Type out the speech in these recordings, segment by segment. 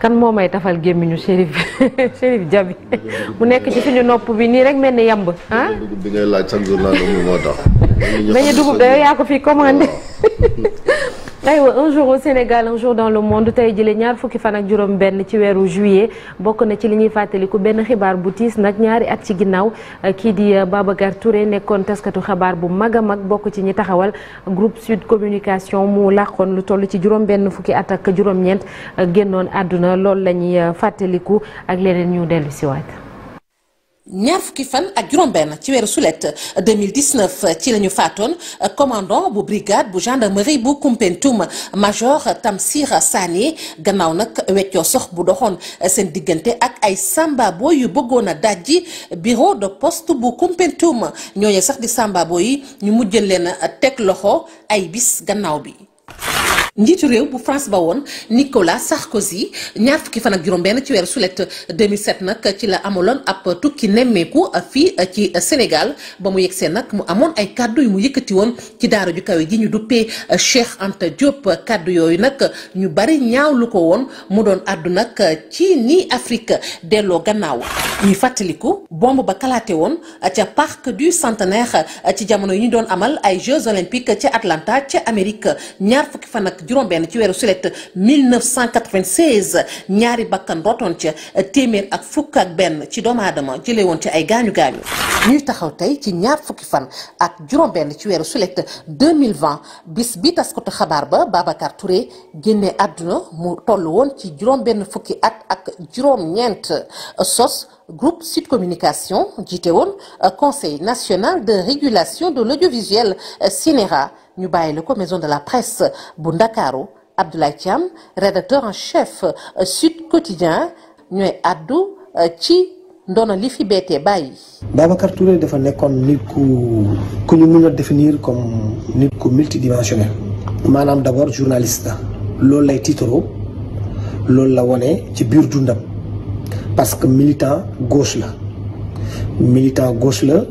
kan moo may tafal gémmiñu Chérif Chérif Diaby mu nekk ci suñu nopp bi nii rek mel ni yamb ah. dugub bi ngay laaj chaque jour naan moom yaa ko fi commandé. aywa un jour au Sénégal un jour dans le monde tey jëlee ñaar fukki fan ak juróom-benn ci weeru juillet bokk na ci li ñuy fàttaliku benn xibaar bu tiis nag ñaari at ci ginnaaw kii di euh, Babacar Touré nekkoon taskatu xabaar bu mag a mag bokk ci ñi taxawal groupe Sud Communication mu làqoon lu toll ci juróom-benn fukki at ak juróom-ñeent euh, génnoon àdduna loolu la ñuy euh, fàttaliku ak leneen ñu dellu siwaat ñaar fukki fan ak juróom-benn ci weeru sulet 2019 ci la ñu faatoon commandant bu brigade bu gendarmerie bu Koumpentoum major Tamsir sànni gannaaw nag weccoo sox bu doxoon seen diggante ak ay samba boy yu bëggoon a dajji bureau de poste bu Koumpentoum ñooñu sax di samba boy yi ñu mujjal leen a teg loxo ay bis gannaaw bi. njiitu réew bu France ba woon Nicolas Sarkozy ñaar fukki fanak ak juróom-benn ci weeru sulet 2007 nag ci la amaloon ab tukki nemmeeku fii ci Sénégal ba mu yegsee nag mu amoon ay kàddu yu mu yëkkati woon ci daara ju kawe ji ñu duppee Cheikh Anta Diop kàddu yooyu nag ñu bari ñaaw lu ko woon mu doon àddu nag ci ni Afrique delloo gannaaw ñuy fàttaliku bomb ba kalaate woon ca parc du centenaire ci jamono yi ñu doon amal ay Jeux olympiques ca Atlanta ca Amérique ñaar fukki juróom-benn ci weeru sulet 1996 ñaari bakkan rotoon ca eh, téeméer ak fukk ak benn ci doomu aadama jëlee woon ci ay gaañu gaañu ñuy taxaw tey ci ñaar fukki fan ak juróom-benn ci weeru sulet 2020 bis bi taskatu xabaar ba Babacar Touré génne àdduna mu toll woon ci juróom-benn fukki at ak juróom-ñeent eh, sos. groupe Sud Communication jiite woon euh, conseil national de régulation de l'audiovisuel euh, CNRA ñu bàyyi la ko maison de la presse bu ndakaaru Abdoulaye Thiam rédacteur en chef euh, Sud Quotidien ñooy àddu ci ndono li fi beetee bàyyi. Babacar Touré dafa nekkoon nit ku ku ñu mën a définir comme nit ku multidimensionnel. maanaam d'abord journaliste la. loolu lay tiitaroo loolu la wone ci biir dundam. parce que militant gauche la militant gauche la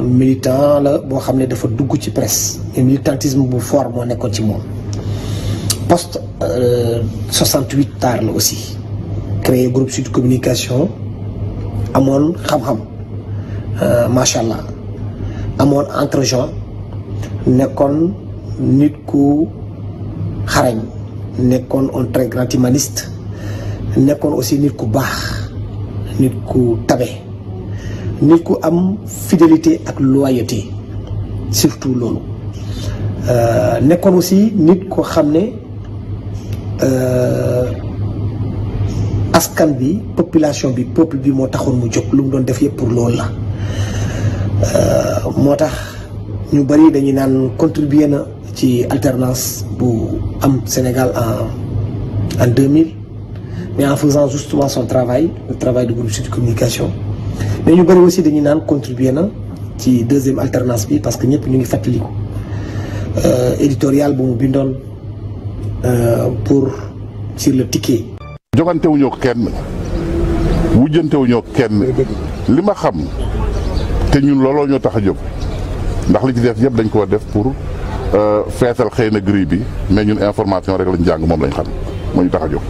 militant la boo xam ne dafa dugg ci presse mais militantisme bu fort moo nekkoon ci moom poste 68 euh, tard la aussi créé groupe sud communication amoon xam-xam euh, macha allah amoon entre gens nekkoon nit ku xarañ nekkoon un très grand humaniste nekkoon aussi nit ku baax nit ku tabe nit ku am fidélité ak loyauté surtout loolu euh, nekkoon aussi nit ko xam ne euh, askan bi population bi peuple bi moo taxoon mu jóg lu mu doon def yëpp pour loolu la euh, moo tax ñu bari dañuy naan contribuer na ci alternance bu am Sénégal en en 2000 mais en faisant justement son travail le travail du groupe Sud Communication mais ñu bëri aussi dañuy naan contribuer na ci deusième alternance bi parce que ñëpp ñu ngi fàttaliku euh, éditorial bu mu bindoon euh, pour sur le ticket. jogantewuñoo kenn wujjantewuñoo kenn li ma xam te ñun looloo ñoo tax a jóg ndax li ci def yëpp dañ koo def pour euh, feetal xëy na gris bi mais ñun information rek lañ jàng moom lañ xam mooñu tax a jóg.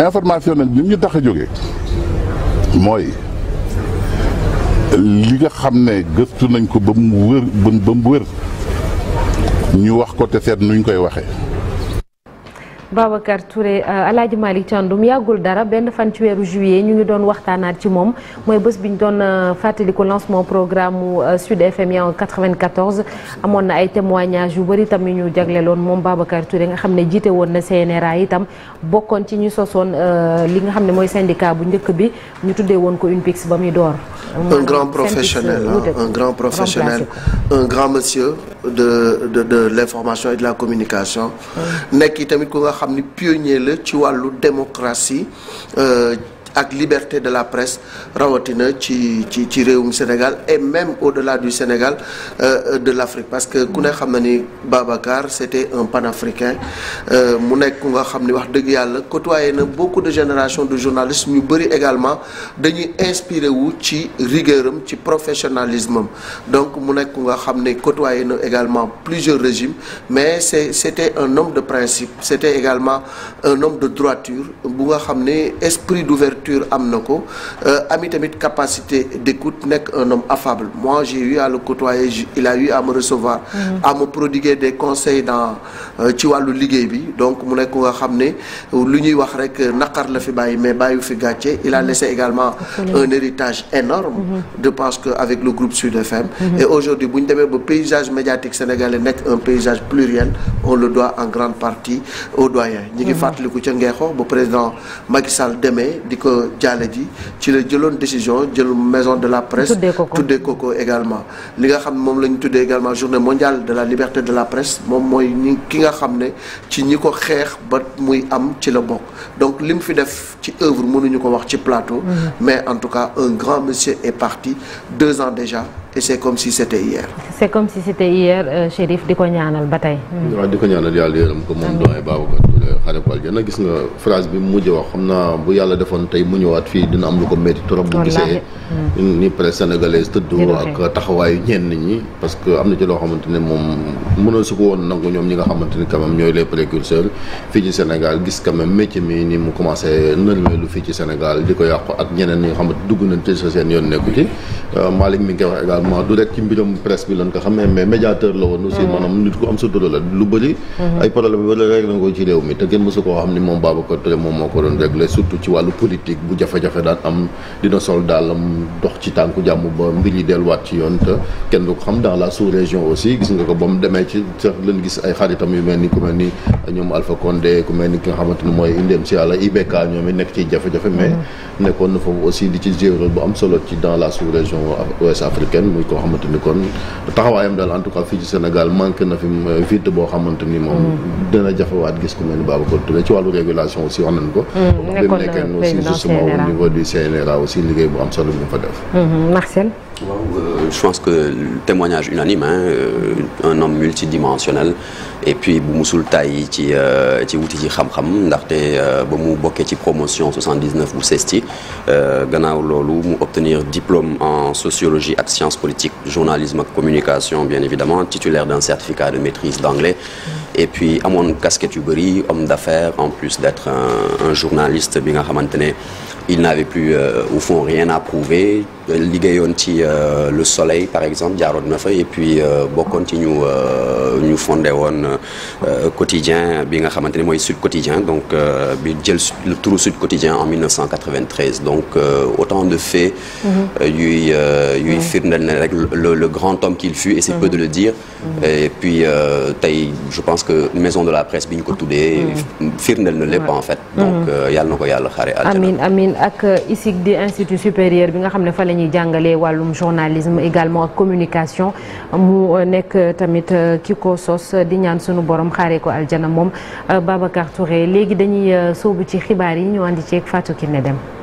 informationnel bi ñu tax a jóge mooy li nga xam ne gëstu nañ ko ba mu wër ba mu wër ñu wax ko te seet nuñ koy waxee. Babacar Touré euh, Alaaji Malick Thiandoum yàggul dara benn fan ci juillet ñu ngi doon waxtaanaat ci moom mooy bés bi ñu doon euh, fàttaliku lancement programme euh, Sud FM en 94 amoon na ay témoignages yu bari itam yu ñu jagleloon moom Babacar Touré nga xam ne jiite woon na CNRA itam bokkoon ci ñu sosoon li nga xam ne mooy syndicat bu njëkk bi ñu tuddee woon ko UNPIX ba muy door. un grand professionnel un grand professionnel un grand monsieur de de l'information et de la communication. xam ni pionnier la ci wàllu démocratie euh, ak liberté de la presse rawatina ci ci ci réewum Sénégal et même au-delà du Sénégal euh, de l'Afrique parce que ku ne xam na ni Babacar c'était un panafricain euh, mu nekk nga xam ni wax dëgg yàlla côtoyé na bokku de générations de journalistes ñu bëri également dañuy inspiré wu ci rigueur ci professionnalisme am donc mu nekk ku nga xam ne côtoyé na également plusieurs régimes mais c'est c'était un homme de principe c'était également un homme de droiture bu nga xam ne esprit d'ouverture lecture am na ko euh, ami tamit capacité d'écoute nekk un homme affable moi j'ai eu à le côtoyer il a eu à me recevoir mm-hmm. à me prodiguer des conseils dans euh, ci wàllu liggéey bi donc mu nekk nga xam ne lu ñuy wax rek naqar la fi bàyyi mais bàyyi fi gàcce il a mm-hmm. laissé également un héritage énorme mm-hmm. je pense que avec le groupe Sud FM et aujourd'hui bu ñu demee ba paysage médiatique sénégalais nekk un paysage pluriel on le doit en grande partie aux doyens ñi ngi fàttaliku ca ngeexoo ba président ko jaale ji ci la jëloon décision jël maison de la presse tuddee ko ko également li nga xam moom la tuddee également journée mondiale de la liberté de la presse moom mooy ki nga xam ne ci ñi ko xeex ba muy am ci la bokk donc li mu fi def ci œuvre mënuñu ko wax ci plateau mm-hmm. mais en tout cas un grand monsieur est parti deux ans déjà et c'est comme si c'était hier. c'est comme si c'était hier euh, Chérif di ko ñaanal ba tey. waaw mm. di ko ñaanal yàlla yërëm ko xare ko aljana gis nga phrase bi mu mujj wax xam naa bu yàlla defoon tey mu ñëwaat fii dina am lu ko ni hmm. presse sénégalaise tëddoo ak taxawaayu di ko yàqu ak ñeneen ñi euh, médiateur la woon aussi hmm. maanaam nit ku am sutura la lu bëri hmm. ay problème wala rek na ko ci réew mi te kenn mësu koo xam ni moom Babacar Touré moom moo ko doon réglé surtout ci wàllu politique bu jafe-jafe daan am dina sol daalam dox ci tànku jàmm ba mbir yi delluwaat ci yoon kenn du ko xam la sous-région aussi gis nga ko ba mu demee ci sax leen gis ay xaritam yu mel ni ku mel ni ñoom Alpha Condé ku mel ki nga xamante ni mooy indem si yàlla IBK ñoom it nekk ci jafe-jafe mais mm. nekkoon na foofu aussi ci jouer bu am solo ci dans la sous-région ouest africaine muy koo xamante ni kon taxawaayam daal en tout cas fii ci Sénégal manqué na fi euh, vide boo xamante ni moom mm. dina jafewaat gis ku mel ni Babacar Touré ci wàllu régulation aussi wax ko. Mm, nekkoon na aussi justement au niveau du CNRA aussi liggéey bu am solo bu ñu mm-hmm. Marcel. Euh, je pense que le témoignage unanime hein, euh, un homme multidimensionnel et puis bu musul tay ci euh, ci wuti ci xam-xam ndaxte ba mu bokke ci promotion 79 bu CESTI gannaaw loolu mu obtenir diplôme en sociologie ak sciences politiques journalisme ak communication bien évidemment titulaire d'un certificat de maîtrise d'anglais et puis amoon casquette yu bëri homme d'affaires en plus d'être un, un journaliste bi nga xamante ne il n'avait plus euh, au fond rien à prouver liggéeyoon ci euh, le soleil par exemple jaaroon na fa et puis euh, bokkoon ci ñu euh, ñu fondé woon euh, quotidien bi nga xamante ne mooy Sud Quotidien donc bi jël le tour Sud Quotidien en 1993 donc autant de faits mm-hmm. yuy yuy firndeel ne rek le grand homme qu'il fut et c'est mm peu de le dire mm-hmm. et puis tey je pense que maison de la presse bi ñu ko tuddee firndeel na lépp en fait donc yàlla na ko yàlla xaare aljana amiin amiin ak ISIC di institut supérieur bi nga xam ne fa la ñuy jàngalee wàllum journalisme également ak communication mu nekk tamit ki ko sos di ñaan sunu borom xaaree ko aljana moom Babacar Touré léegi dañuy sóobu ci xibaar yi ñu andi ceeg ki ne dem